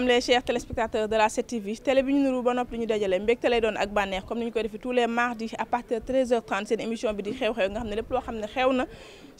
salaam les chers téléspectateurs de la 7TV télé bi ñu nuru ba na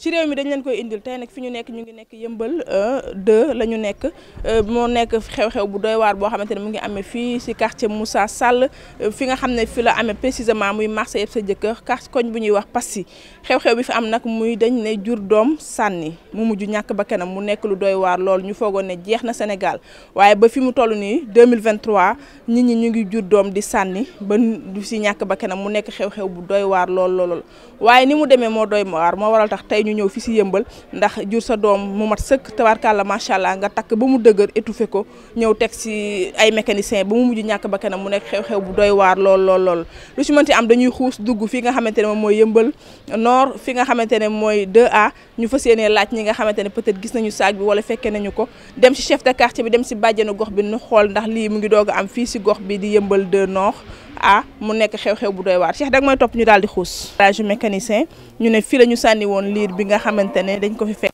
ci réew dañ leen koy indil tey nag fi nekk ñu ngi nekk yëmbal euh, la ñu nekk euh, moo nekk xew-xew bu doy waar boo xamante ne mu ngi amee fii ci quartier Moussa Sall euh, fi nga xam ne fi la amee précisément muy marché yëpp sa jëkkër kar koñ bu ñuy wax Passy xew-xew bi fi am nag muy dañ ne jur doom sànni mu mujj ñàkk ba kanam mu nekk lu doy waar lool ñu foogoon ne jeex na Sénégal waaye ba fi mu toll nii 2023 nit ñi ñu ngi jur doom di sànni ba du si ñàkk ba mu nekk xew-xew bu doy waar lool lool waaye ni mu demee moo doy waar moo waral tax tey ñu ñëw fi si yëmbal ndax jur sa doom mu mat sëkk tabarkàlla macha allah nga takk ba mu dëgër étouffé ko ñëw teg si ay mécanicien ba mu ñàkk ba kanam mu nekk xew-xew bu doy waar lool lool lool lu si mënti am dañuy xuus dugg fi nga xamante ne moom mooy yëmbal nord fi nga xamante ne mooy de a ñu fa yéenee laaj ñi nga xamante ne peut-être gis nañu saag bi wala fekkee nañu ko dem si chef de quartier bi dem si bàjjenu gox bi nu xool ndax lii mu ngi doog a am fii si gox bi di yëmbal de noox ah mu nekk xew-xew bu doy waar seex dag may topp ñu daal di xuus. garage mécanicien ñu ne fii la ñu sànni woon liir bi nga xamante ne dañ ko fi fekk.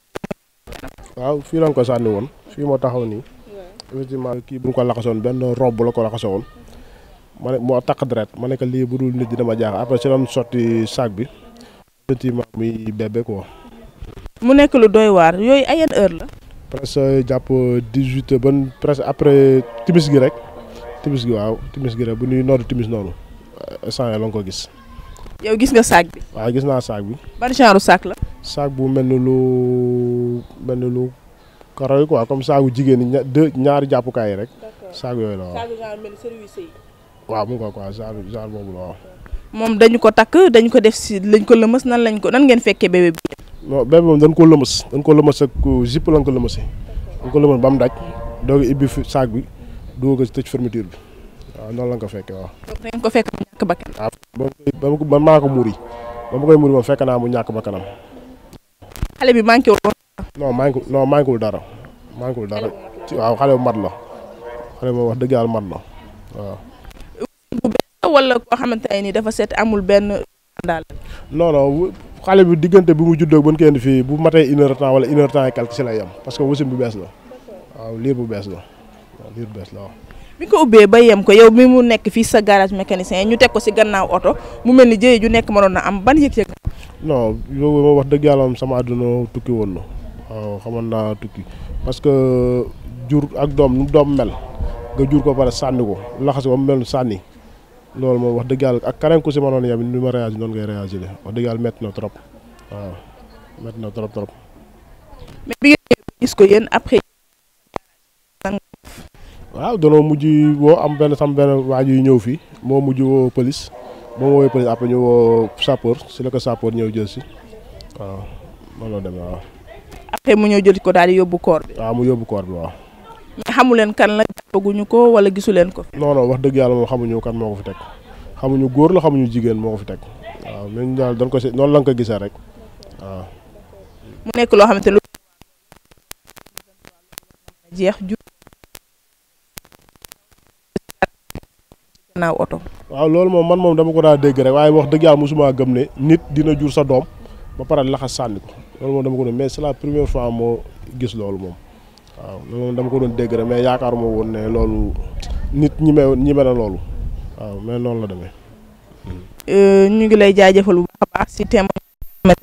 waaw fii lañ ko sànni woon fii moo taxaw nii. effectivement kii bu ñu ko laxasoon benn robb la ko laxasoon. ma ne moo takk deret ma ne ko lii bu dul nit dama jaax après si doon sotti sac bi. effectivement muy bébé ko mu nekk lu doy waar yooyu ay yan la. presque euh, jàpp dix-huit euh, ban presque après timis gi rek timis gi waaw timis gi rek bu ñuy nodd timis noonu euh, saa la nga ko gis. yow gis nga saag bi. waaw gis naa saag bi. ban genre saag la. saag bu mel ni lu mel ni lu karoy quoi comme saagu jigéen ña ñaari jàppukaay yi rek. saag yooyu la waaw saag genre mel service yi. waaw mu ko quoi genre moom dañu ko takk dañu ko def si lañ ko lëmës nan lañ ko nan ngeen fekkee non bébé koo dañ ko lëmas dañ ko lëmas ak jipp lañ ko lëmasee dañ ko lëmas ba mu daj doog a ibbi saag bi doog a tëj fermeture bi waaw noonu lañ ko fekkee ko fekk waaw ah, ba maa ko muur yi ba ma koy muur moom fekk naa mu ñàkk bakkanam. xale bi manqué wul. non manqué non manqué wul dara manqué wul dara ci waaw xale bu mat la xale bu wax dëgg yàlla mat la waaw. bu benn wala koo xamante ne ni dafa seet amul benn daal. non xale bi diggante bi mu juddoo ba ñu koy indi fii bu matee une heure temps wala une heure temps et quelque si lay yem parce que wasin bu bees la waaw liir bu bees la waaw liir bu bees la waaw. bi ko ubbee ba yem ko yow mi mu nekk fii sa garage mécanicien ñu teg ko si gannaaw oto mu mel ni jëye ju nekk mënoon na am ban yëg-yëg. non yow ma wax dëgg yàlla am sama àdduna tukki woon na waaw xamoon naa tukki parce que jur ak doom nu doom mel nga jur ko pare sànni ko laxas ko mu mel sànni. loolu moom wax dëgg ak keneen ku si mënoon yam ni ma réagi noonu ngay réagir wax dëgg yàlla na trop waaw métti na trop trop. mais bi ngeen gis ko yéen après. danoo mujj woo am benn sam benn waa yu ñëw fii moo mujj woo police moo woowee police après ñu woo sapeur si la ko ñëw jël si waaw noonu la demee waaw. après mu ñëw jël ko daal di yóbbu koor bi. waaw mu yóbbu koor bi waaw. xamu leen kan la jàppaguñu ko wala gisu leen ko. non wax dëgg yàlla moom xamuñu kan moo ko fi teg xamuñu góor la xamuñu jigéen moo ko fi teg waaw ñun daal ko si noonu la ko gisee rek mu nekk loo xamante lu oto. waaw loolu moom man moom dama ko daa dégg rek waaye wax dëgg yàlla mosuma gëm ne nit dina jur sa doom ba pare laxas sànni ko loolu moom dama ko ne mais c'est première fois moo gis loolu moom. waaw loolu moom dama ko doon dégg rek mais yaakaaruma woon ne loolu nit ñi me ñi mel loolu waaw mais noonu la demee. Euh, ñu ngi lay jaajëfal bu baax a baax si thème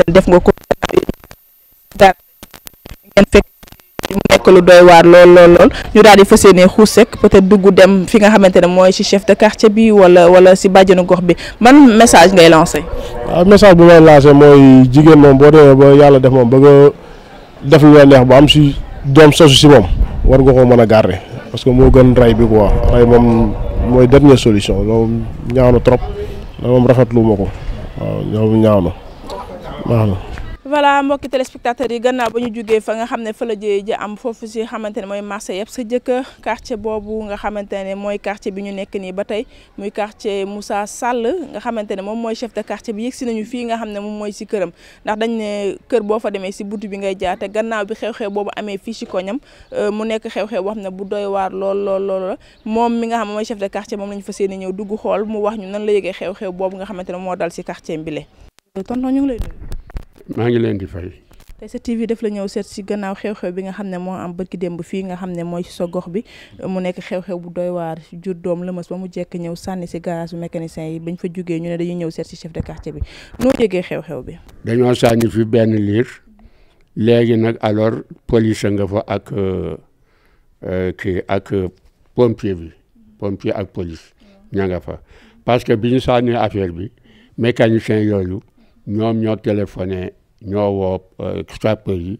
def nga ko ngeen waar lool lool ñu daal di fas yéene xuus rek peut-être dugg dem fi nga xamante ne mooy si chef de quartier bi wala wala si bàjjenu gox bi man message ngay lancé. waaw ah, message bi may lancé mooy jigéen moom boo demee ba yàlla def moom bëgg def lu la neex bu am si doom sosu si moom war nga koo mën a garder parce que moo gën rey bi quoi ay moom mooy dernière solution loolu ñaaw na trop loolu moom rafetlu ma ko waaw ñoom ñaaw na baax na voilà mbokki téléspectateurs yi gannaaw ba ñu jugee fa nga xam ne fa la jëye ji am foofu si xamante mooy marché yëpp sa jëkka quartier boobu nga xamante ne mooy quartier bi ñu nekk nii ba tey muy quartier Moussa sàll nga xamante ne moom mooy chef de quartier bi nañu fii nga xam ne moom mooy si këram ndax dañ ne kër boo fa demee si buntu bi ngay jaar te gannaaw bi xew-xew boobu amee fii si koñam euh, mu nekk xew-xew boo xam ne bu doy waar lool lool lool la moom mi nga xam mooy chef de quartier moom lañu ñu fas yéene ñëw dugg xool mu wax ñu nan la yëgee xew-xew boobu nga xamante ne moo dal si quartier bi le maa ngi leen di fay. te sa TV daf la ñëw seet si gannaaw xew-xew bi nga xam ne moo am bërki démb fii nga xam ne mooy sa gox bi mu nekk xew-xew bu doy waar jur doom lëmas ba mu jekk ñëw sànni si garage bu mécanicien yi bañ fa jógee ñu ne dañuy ñëw seet si chef de quartier bi noo jegee xew-xew bi. dañoo sànni fi benn liir léegi nag alors police nga fa ak euh, euh, kii ak euh, pompier bi pompier ak police ña nga fa parce bi ñu sànnee affaire bi mécanicien yooyu. ñoom ñoo téléphoné ñoo woo sapeur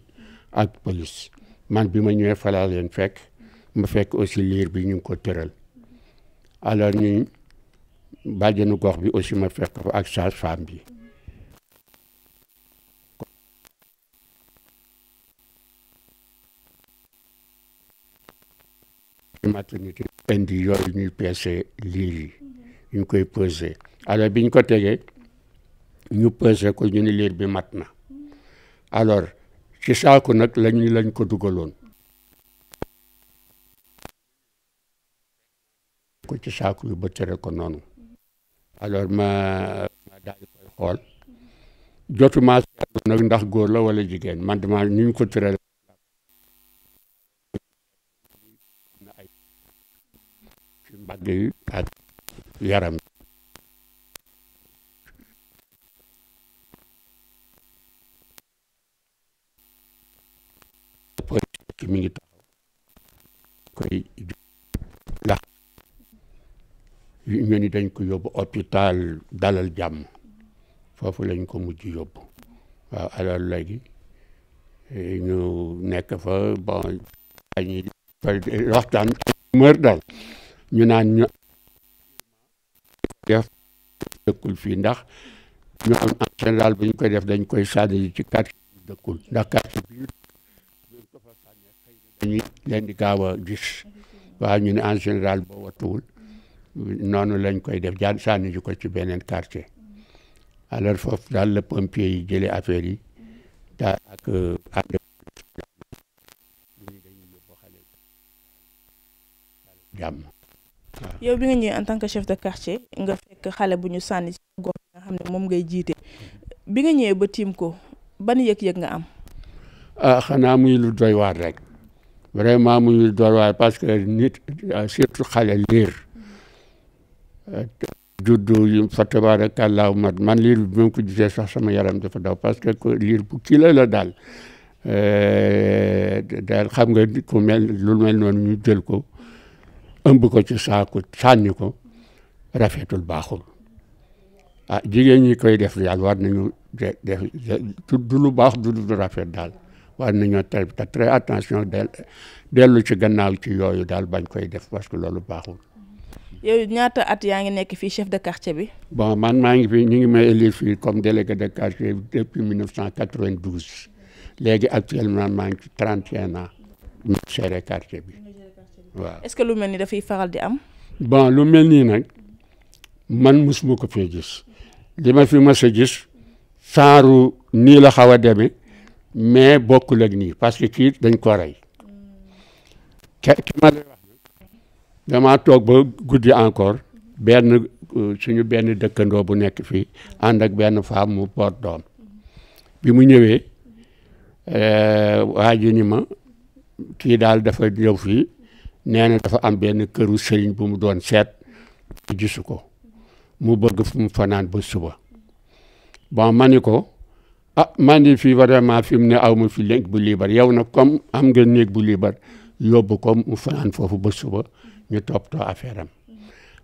ak police man bi ma ñëwee falaa leen fekk ma fekk aussi liir bi ñu ngi ko tëral alors ñu bàjjenu gox bi aussi ma fekk fa ak sage-femme bi maternité indi yooyu ñuy peese liir ñu koy pesé alors biñ ko tegee ñu pesé ko ñu ni liir bi mat na alors ci saaku nag lañu lañ ko dugaloon ko ci bi ba tëre ko noonu alors ma ma koy xool jotuma seetlu ndax góor la wala jigéen man dama ni ko tëral na ay ci mbagg yaram ki mi ngi taxaw koy la ñu ni dañ ko yóbbu hôpital dalal jàmm foofu lañ ko mujj yóbbu waaw alors léegi eh, ñu nekk fa bon añi ñu naan ñu def dëkkul fii ndax ñoom en koy def dañ koy sànni ci quartier dëkkul ndax quartier bi dañuy leen di gaaw a gis waaw ñu ne en général boo wattuwul noonu lañ koy def jaan sànni ji ko ci beneen quartier alors foofu daal la pompier yi jëlee affaire yi daal ak ànd euh, jàmm yow bi nga ñëwee en tant que chef de quartier nga fekk xale bu ñu sànni ci gox nga xam ne moom ngay jiite bi nga ñëwee ba tiim ko ban yëg-yëg nga am ah xanaa muy lu doy waar rek vraiment mu ñu doon waaye parce que nit surtout xale liir juddu yi fa tabaarakallaahu mat man liir bi ma ko gisee sax sama yaram dafa daw parce que liir bu kilo la daal eh, daal xam nga ku mel lu mel noonu ñu jël ko ëmb ko ci saako sànni ko rafetul baaxul ah jigéen ñi koy def daal war nañu def du lu baax du lu rafet daal. war nañoo très très attention dellu ci gannaaw ci yooyu daal bañ koy def parce que loolu baaxul. yow ñaata at yaa ngi nekk fii chef de quartier bi. bon man maa ngi fi ñu ngi may élire fii comme délégué de quartier depuis 1992 léegi actuellement maa ngi ci 31 ans mu géré quartier bi waaw. est-ce que lu mel ni dafay faral di am. bon lu mel nii nag man musuma ko fee gis li ma fi mës a gis saaru nii la xaw a demee. mais bokk ak nii parce que kii dañ ko dama toog ba guddi encore benn euh, suñu benn dëkkandoo bu nekk fii ànd ak benn femme mu boot bi mu ñëwee euh, waa ji ni ma kii daal dafa ñëw fii nee dafa am benn këru sëriñ bu mu doon seet gisu ko mu bëgg fu fanaan ba suba bon ma ni ko ah maa ngi fii vraiment fi mu ne aw ma fi léeg bu liibar yow nag comme am nga néeg bu liibar yóbbu ko mu fanaan foofu ba suba ñu toppatoo affaire am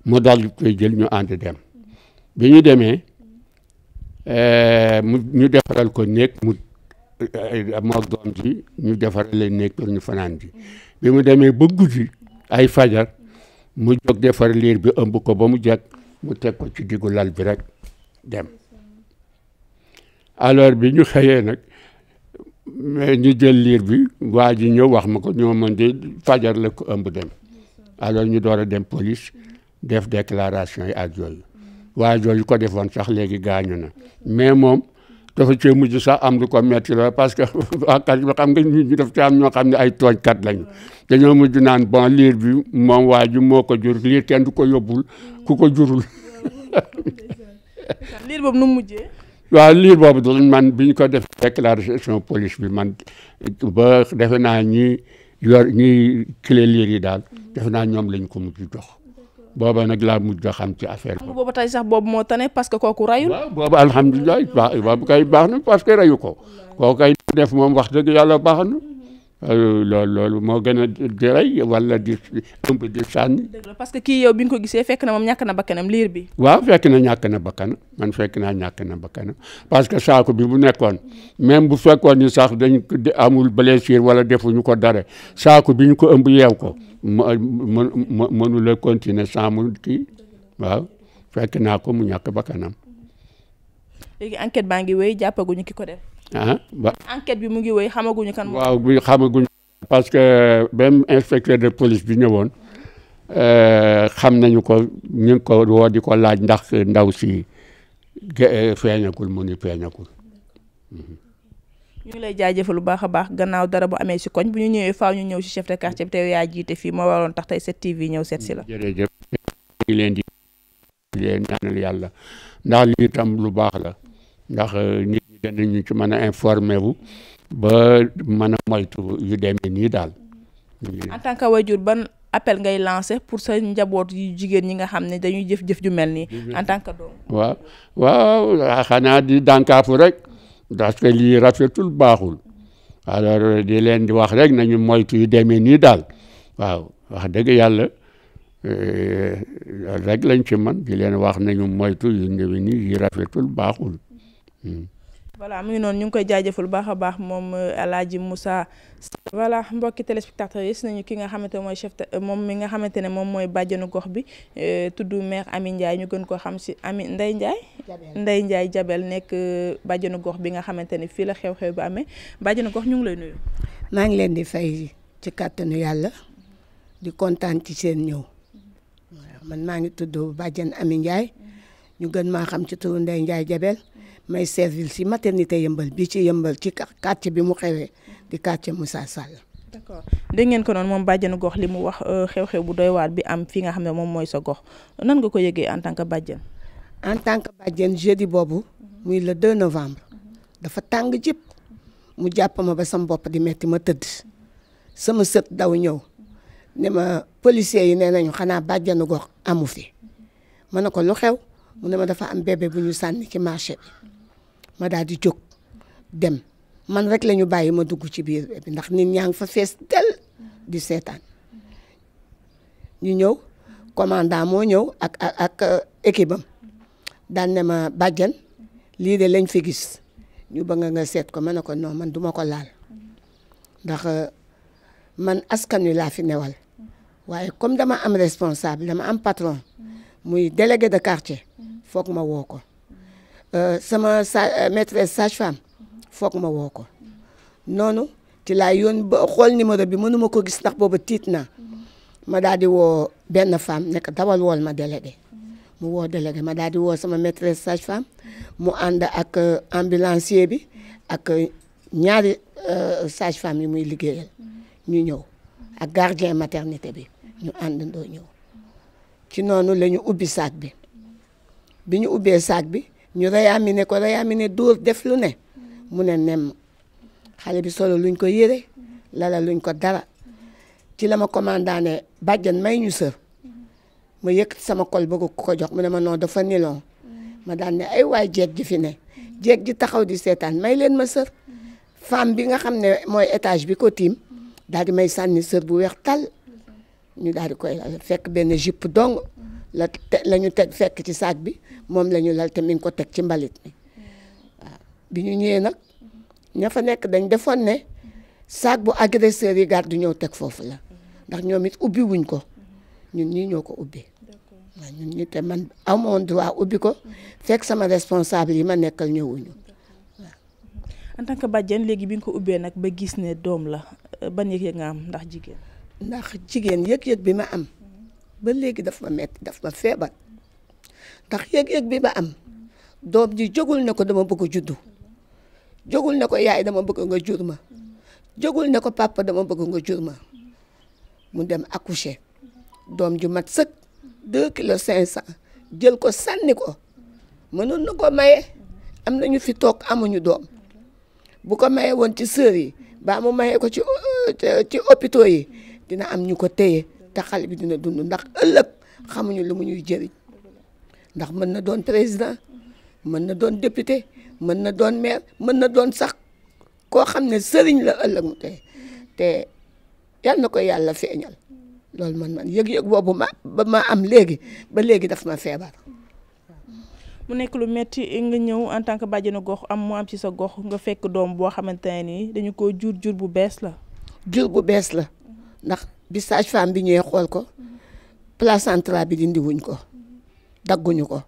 mu daal di jël ñu ànd dem bi ñu demee eh, mu ñu defaral ko néeg mu eh, moog doom ji ñu defaral leen néeg ñu fanaan ji bi mu demee ba guddi ay fajar mu jóg defar liir bi ëmb ko ba mu jag mu teg ko ci diggu lal bi rek dem alors bi ñu xëyee nag mais ñu jël liir bi waa ji ñëw wax ma ko ñoo mën di fajar la ko ëmbu dem alors ñu door dem police def déclaration yi ak yooyu waa jooju ko defoon sax léegi gaañu na mais moom dafa cee mujj sax am lu ko metti la parce que waakat bi xam nga ñu def ci am ñoo xam ne ay tooñkat lañu dañoo mujj naan bon liir bi moom waa ji moo ko jur liir kenn du ko yóbbul ku ko jurul mujjee waaw liir boobu dal man bi ñu ko def déclaration police bi man ba defe naa ñi yor ñi clé liir daal defe naa ñoom lañ ko mujj jox booba na laa mujj a xam ci affaire bi. boobu tey sax boobu moo tane parce que kooku rayul. waaw boobu alhamdulilah baax boobu kay baax na parce que rayu ko kooku kay def moom wax dëgg yàlla baax na. Euh, loolu moo gën a di rey wala di ëmb di sànni. dëgg que kii yow bi nga ko gisee fekk na moom ñàkk na bakkanam liir bi. waaw fekk na ñàkk na bakkanam man fekk naa ñàkk na bakkanam parce que saako bi bu nekkoon même bu fekkoon ni sax dañ amul blessure wala defuñu ko dara saako bi ñu ko ëmb yeew ko ma ma mënu la continuer sans waaw fekk naa ko mu ñàkk bakkanam. léegi enquête baa ngi wéy jàppaguñu ki ko def. ah ba. enquête bi mu ngi wéy xamaguñu kan. waaw bu xamaguñu. parce que même inspecteur de police bi ñëwoon euh, xam nañu ko ñu ngi ko woo di ko laaj ndax ndaw si euh, feeñagul mu ni feeñagul. ñu ngi lay jaajëfal lu baax a baax gannaaw dara bu amee si koñ bu ñu ñëwee faaw ñu ñëw si chef de quartier bi te yaa jiite fii moo waroon tax tey set tv ñëw seet si la. jërëjëf ngi leen di leen yàlla ndax lii lu baax la ndax. Euh, danañu ci mën a informé wu ba mën a moytu yu demee nii daal. en tant que wajur ban appel ngay lancé pour sa njaboot yu jigéen ñi nga xam ne dañuy jëf-jëf ju mel nii en tant que doom. waaw waaw xanaa di dànkaafu rek parce que lii rafetul baaxul alors di leen di wax rek nañu moytu yu demee nii daal waaw wax dëgg yàlla eh, rek lañ ci man di leen wax nañu moytu yu ndewee nii yi rafetul baaxul. Hmm. voilà mu ngi noonu ñu ngi koy jaajëfal bu baax a baax moom El euh, Hadj Moussa. voilà mbokki téléspectateurs yi nañu ki nga xamante mooy chef euh, moom mi nga xamante ne moom mooy bàjjenu gox bi euh, tudd maire Ami Ndiaye ñu gën koo xam si Ami Ndeye Ndiaye. Jabel nekk bàjjenu gox bi nga xamante ne fii la xew-xew amee bàjjenu gox ñu ngi lay nuyu. maa ngi leen di fay ci kàttanu yàlla di kontaan ci seen ñëw man maa ngi tudd bàjjan Ami Ndiaye ñu gën maa xam ci turu ndey Ndiaye Jabel. may service si maternité yëmbal bi ci yëmbal ci quartier bi mu xewee di mu Moussa Sall. d'accord dégg ngeen ko noonu moom bàjjanu gox li mu wax euh, xew-xew bu doy waar bi am fi nga xam ne moom mooy sa gox nan nga ko yëgee en tant que bàjjen. en tant que bàjjen jeudi boobu. Mhm. muy le 2 novembre. Mhm. dafa tàng jëpp. mu jàpp ma ba sama bopp di metti ma tëdd. sama sët daw ñëw. ne ma policiers yi nee nañu xanaa bàjjenu gox amu fi. Mhm. ma ne ko lu xew mu ne ma dafa am bébé bu ñu sànni ci marché bi. ma daal di jóg dem man rek la ñu bàyyi ma dugg ci biir bi ndax nit ñaa ngi fa fees del di seetaan ñu ñëw commandant moo ñëw ak ak ak uh, équipe am ma bàjjan lii de lañ fi gis ñu bëgg nga seet ko ma ne ko non man duma ko laal ndax uh, man askan wi laa fi newal waaye comme dama am responsable dama am patron muy délégué de quartier foog ma woo ko Euh, sama sa euh, maîtresse sage-femme foog ma woo ko noonu ci la yoon ba xool numéro bi mënuma ko gis ndax booba tiit naa ma daal woo benn femme nekk dawal wool ma délégué mu woo délégué ma daal woo sama maîtresse sage fam mu ànd ak euh, ambulancier bi ak ñaari sage-femme yi muy liggéeyal ñu ñëw ak gardien maternité bi ñu àndandoo ñëw ci noonu la ñu ubbi saak bi bi ñu ubbee saak bi ñu réamine ko réamine dóor def lu ne mu ne nem xale bi solo luñ ko yére lala luñ ko dara ci la ma ne bàjjan may ñu sër ma yëkkati sama kol bëgg ko jox mu ne ma noon dafa nilon ma daan ne ay waay jeeg ji fi ne jeeg ji taxaw di seetaan may leen ma sër femme bi nga xam ne mooy étage bi ko tiim daal di may sànni sër bu weex tal ñu daal di koy fekk benn jupe dong la te la ñu teg fekk ci saak bi moom lañu ñu lal te mi ko teg ci mbalit mi waaw bi ñu ñëwee nag ña fa nekk dañ defoon ne saak bu agresseur yi garde ñëw teg foofu la ndax ñoom it ubbi wuñ ko ñun ñii ñoo ko ubbi waaw ñun ñi te man amoon waa ubbi ko fekk sama responsable yi ma nekkal ñëwuñu en tant que bàjjen léegi bi nga ko ubbee nag ba gis ne doom la euh, ba yëg-yëg nga am ndax jigéen. ndax jigéen yëg-yëg bi ma am. ba léegi daf ma metti daf ma feebar. ndax yëg-yëg bi ba am doom ji jógul ne ko dama bëgg a juddu jogul ne ko yaay dama bëgg nga jur ma jógul ne ko papa dama bëgg nga jurma mu dem accoucher doom ju mat sëkk deux kilo cinq cent jël ko sànni ko mënoon na ko maye am na ñu fi toog amuñu doom bu ko maye woon ci sër yi baa mu maye ko ci euh, ci hôpitaux yi dina am ñu ko téye te xale bi dina dund ndax ëllëg xamuñu lu mu ñuy jëriñ ndax mën na doon président mën na doon député mën na doon maire mën na doon sax koo xam ne sëriñ la ëllëg mu tey te yal na ko yàlla feeñal loolu mën man yëg-yëg boobu ma ba ma am léegi ba léegi daf ma feebar. mu nekk lu metti nga ñëw en tant que bàjjenu gox am mu am ci sa gox nga fekk doom boo xamante ne nii dañu ko jur jur bu bees la. jur bu bees la ndax bi sage bi ñëwee xool ko placenta bi dindi wuñ ko. dagguñu ko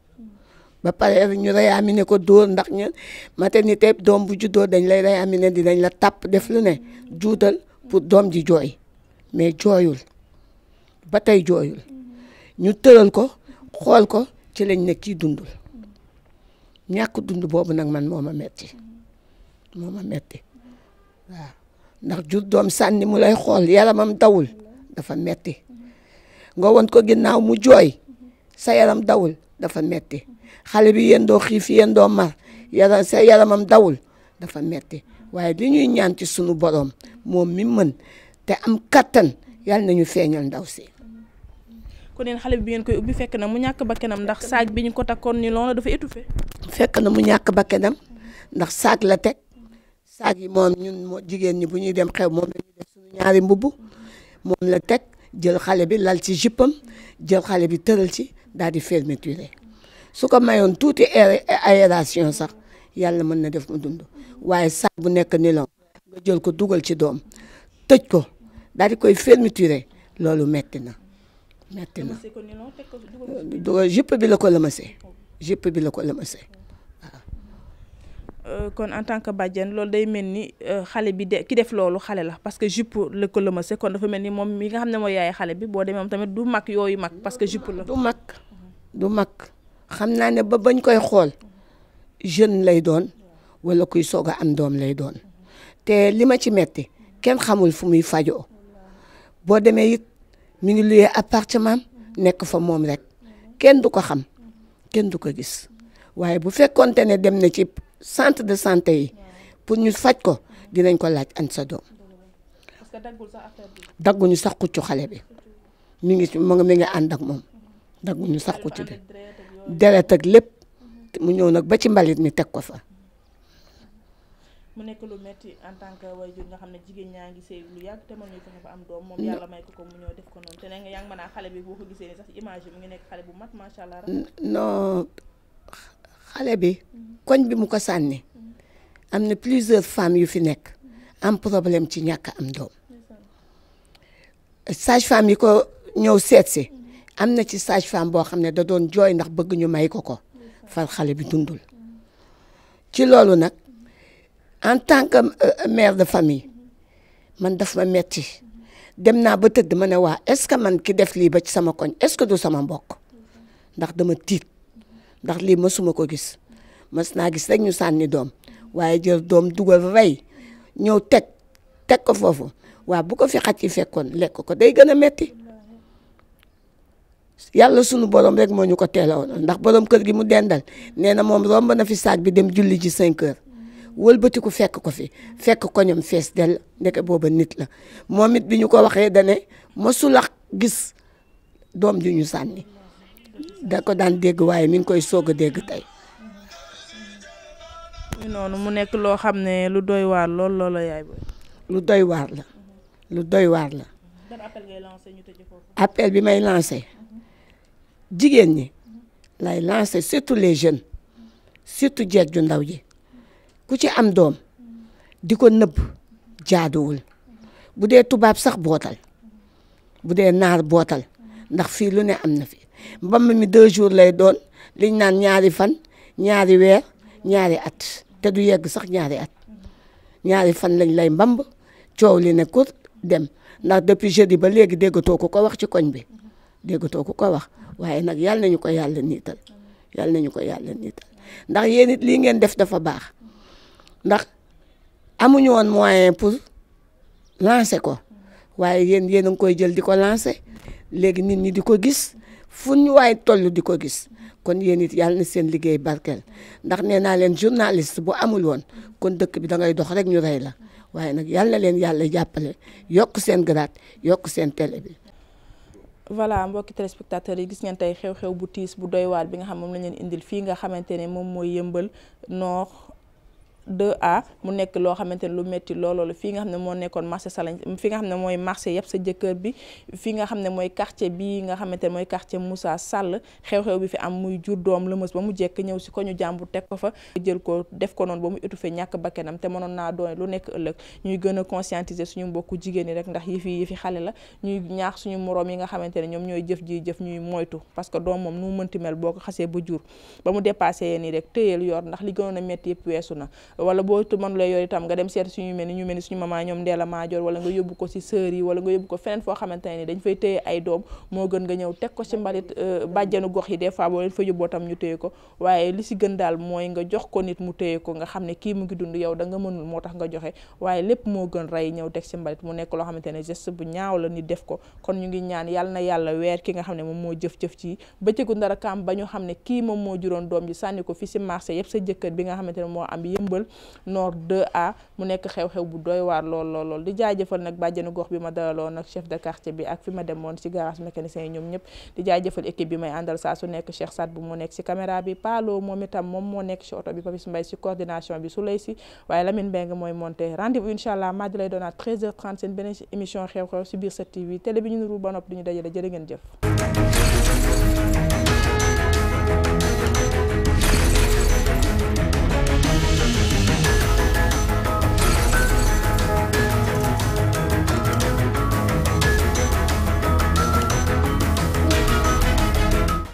ba pare ñu réaminer ko dóor ndax ñu maternité doom bu juddoo dañ lay di dinañ la tàpp def lu ne juutal pour doom ji jooy mais jooyul ba tey jooyul ñu tëral ko xool ko ci lañ ne kii dundul ñàkk dund boobu nag man moo metti moo metti waaw ndax jur doom sànni mu lay xool yaramam dawul dafa metti nga won ko ginnaaw mu jooy sa yaram dawul dafa metti xale bi yéen doo xiif yéen doo mar yaram sa yaramam dawul dafa metti waaye li ñuy ñaan ci sunu boroom moom mi mën te am kattan yàlla nañu feeñal ndaw si. kon ne xale bi ngeen koy ubbi fekk na mu ñàkk bakkanam ndax saag bi ñu ko takkoon ni loolu dafa étouffé. fekk na mu ñàkk bakkanam ndax saag la teg saag yi moom ñun jigéen ñi bu ñuy dem xew moom la ñaari mbubb moom la teg jël xale bi lal ci jippam jël xale bi tëral ci daal di fermeture su ko mayoon tuuti aération sax yàlla mën na def mu dund waaye sac bu nekk nilon nga jël ko dugal ci doom tëj ko daal koy fermeture loolu metti na metti na jupe bi la ko lëmasee oh. jupe bi la ko lëmasee Euh, kon en tant que bàjjen loolu day mel ni euh, xale bi de ki def loolu xale la parce que jupe la ko lëmase kon dafa mel ni moom mi nga xam ne mooy yaay xale bi boo demee moom tamit du mag yooyu mag parce que jupe la. du mag du mag xam naa ne ba bañ koy xool jeune lay doon walla kuy soog a am doom lay doon te li ma ci metti kenn xamul fu muy fajoo boo demee it mi ngi luyee appartement nekk fa moom rek kenn du ko xam kenn du ko gis waaye bu fekkonte ne dem na ci. centre de santé yi pour ñu faj ko dinañ ko laaj an sa doom dagguñu sax kuccu xale bi mu ngi mu ngi mi ngi ànd ak moom dagguñu sax kuccu bi deret ak lépp mu ñëw nag ba ci mbalit mi teg ko fa. mu nekk lu metti en tant que waajur nga xam ne jigéen ñaa ngi sëy lu te mënuñu fexe ba am doom moom yàlla may ko ko mu xale bi boo gisee sax image yi ngi nekk xale bu mag macha allah. xale bi koñ bi mu ko sànni am na plusieurs femmes yu fi nekk am problème ci ñàkk am doom sage-femme yi ko ñëw seet am na ci sage-femme boo xam ne da doon jooy ndax bëgg ñu may ko ko far xale bi dundul ci loolu nag en tant que euh, mair de famille man daf ma metti dem naa ba tëdd ma ne waa est-ce que man ki def lii ba ci sama koñ est-ce que du sama mbokk ndax dama tiit ndax lii mësuma ko gis mës naa gis rek ñu sànni doom waaye jël doom dugal rey ñëw teg teg ko foofu waa bu ko fi xaj yi fekkoon lekk ko day gën a metti yàlla sunu borom rek moo ñu ko teelawoon ndax borom kër gi mu dendal nee na moom romb na fi saag bi dem julli ji 5 heures wëlbatiku fekk ko fi fekk ko ñoom fees dell ndeke booba nit la moom it bi ñu ko waxee dane mësula gis doom ji ñu sànni da ko daan dégg waaye mi ngi koy soog a dégg tey. noonu mu nekk loo xam ne lu doy waar lool loola yaay lu doy waar la lu doy waar la. appel bi may lancé jigéen ñi lay lancé surtout les jeunes surtout jeet ju ndaw ji ku ci am doom di ko nëbb jaaduwul bu dee tubaab sax bootal bu dee naar bootal ndax fii lu ne am na fi mbamb mi deux jours lay doon liñ naan ñaari fan ñaari weer ñaari at te du yegg sax ñaari at ñaari fan lañ lay mbamb coow li ne kur dem ndax depuis jeudi ba léegi déggatoo ko ko wax ci koñ bi déggatoo ku ko wax waaye nag yàlla nañu ko yàlla niital yàlla nañu ko yàlla niital ndax yéen it lii ngeen def dafa baax ndax amuñu woon moyen pour lancer ko waaye yéen yéen a ngi koy jël di ko lancer léegi nit ñi di ko gis fu ñu tollu di ko gis kon yéen it yàlla na seen liggéey barkeel ndax nee naa leen journaliste bu amul woon kon dëkk bi da ngay dox rek ñu rey la waaye nag yàlla leen yàlla jàppale yokk seen grade yokk seen télé bi. voilà mbokki téléspectateurs yi gis ngeen tey xew-xew bu tiis bu doy waar bi nga xam moom la leen indil fii nga xamante ne moom mooy yëmbal noox. 2A mu nekk loo xamante ne lu métti looloo fii nga xam ne moo nekkoon marché Salañ fi nga xam ne mooy marché yëpp sa jëkkër bi fi nga xam ne mooy quartier bi nga xamante ne mooy quartier Moussa Sall xew-xew bi fi am muy jur doom la lëmës ba mu jekk ñëw si ko ñu jàmbur teg ko fa jël ko def ko noonu ba mu étouffé ñàkk bakkanam te mënoon naa doone lu nekk ëllëg ñuy gën a conscientiser suñu mbokku jigéen ñi rek ndax yi fi yi fi xale la ñuy ñaax suñu moroom yi nga xamante ne ñoom ñooy jëf ji jëf ñuy moytu parce que doom moom nu mënti mel boo ko xasee ba jur ba mu dépassé yeen yi rek tëyeel ndax li gënoon métti yëpp weesu na wala boo tu mënulee yooyu itam nga dem seet suñu mel ni ñu mel ni suñu maman ñoom Ndella Madior wala nga yóbbu ko si sœur yi nga yóbbu ko feneen foo xamante ne ni dañ fay téye ay doom moo gën nga ñëw teg ko si mbalit euh, bàjjanu gox yi des fois boo tam ñu téye ko waaye li si gën daal mooy nga jox ko nit mu téye ko nga xam ne kii mu ngi dund yow da nga moo tax nga joxe waaye lépp moo gën rey ñëw teg si mbalit mu nekk loo xamante ne geste bu ñaaw la nit def ko kon ñu ngi ñaan yàlla na yàlla weer ki nga xam ne moom moo jëf-jëf ci bëccëgu ndara kaam ba ñu xam ne kii moom moo juróon doom ji sànni ko fi si marché yëpp sa jëkkër bi nga xamante ne moo am yëmbal Parcelles Nord 2A mu nekk xew-xew bu dooy waar lool lool lool di jaajëfal nag bàjjenu gox bi ma dalaloon nag chef de quartier bi ak fi ma demoon ci garage mécanicien yi ñoom ñëpp di jaajëfal équipe bi may àndal saa su nekk Cheikh Saad bu mu nekk ci caméra bi Paalo moom itam moom moo nekk ci oto bi Papis Mbaye ci coordination bi su lay si waaye Lamine Mbengue mooy monté rendez-vous incha allah maa di lay doon à 13 seen beneen émission xew-xew ci biir 7TV télé bi ñu nuru ba noppi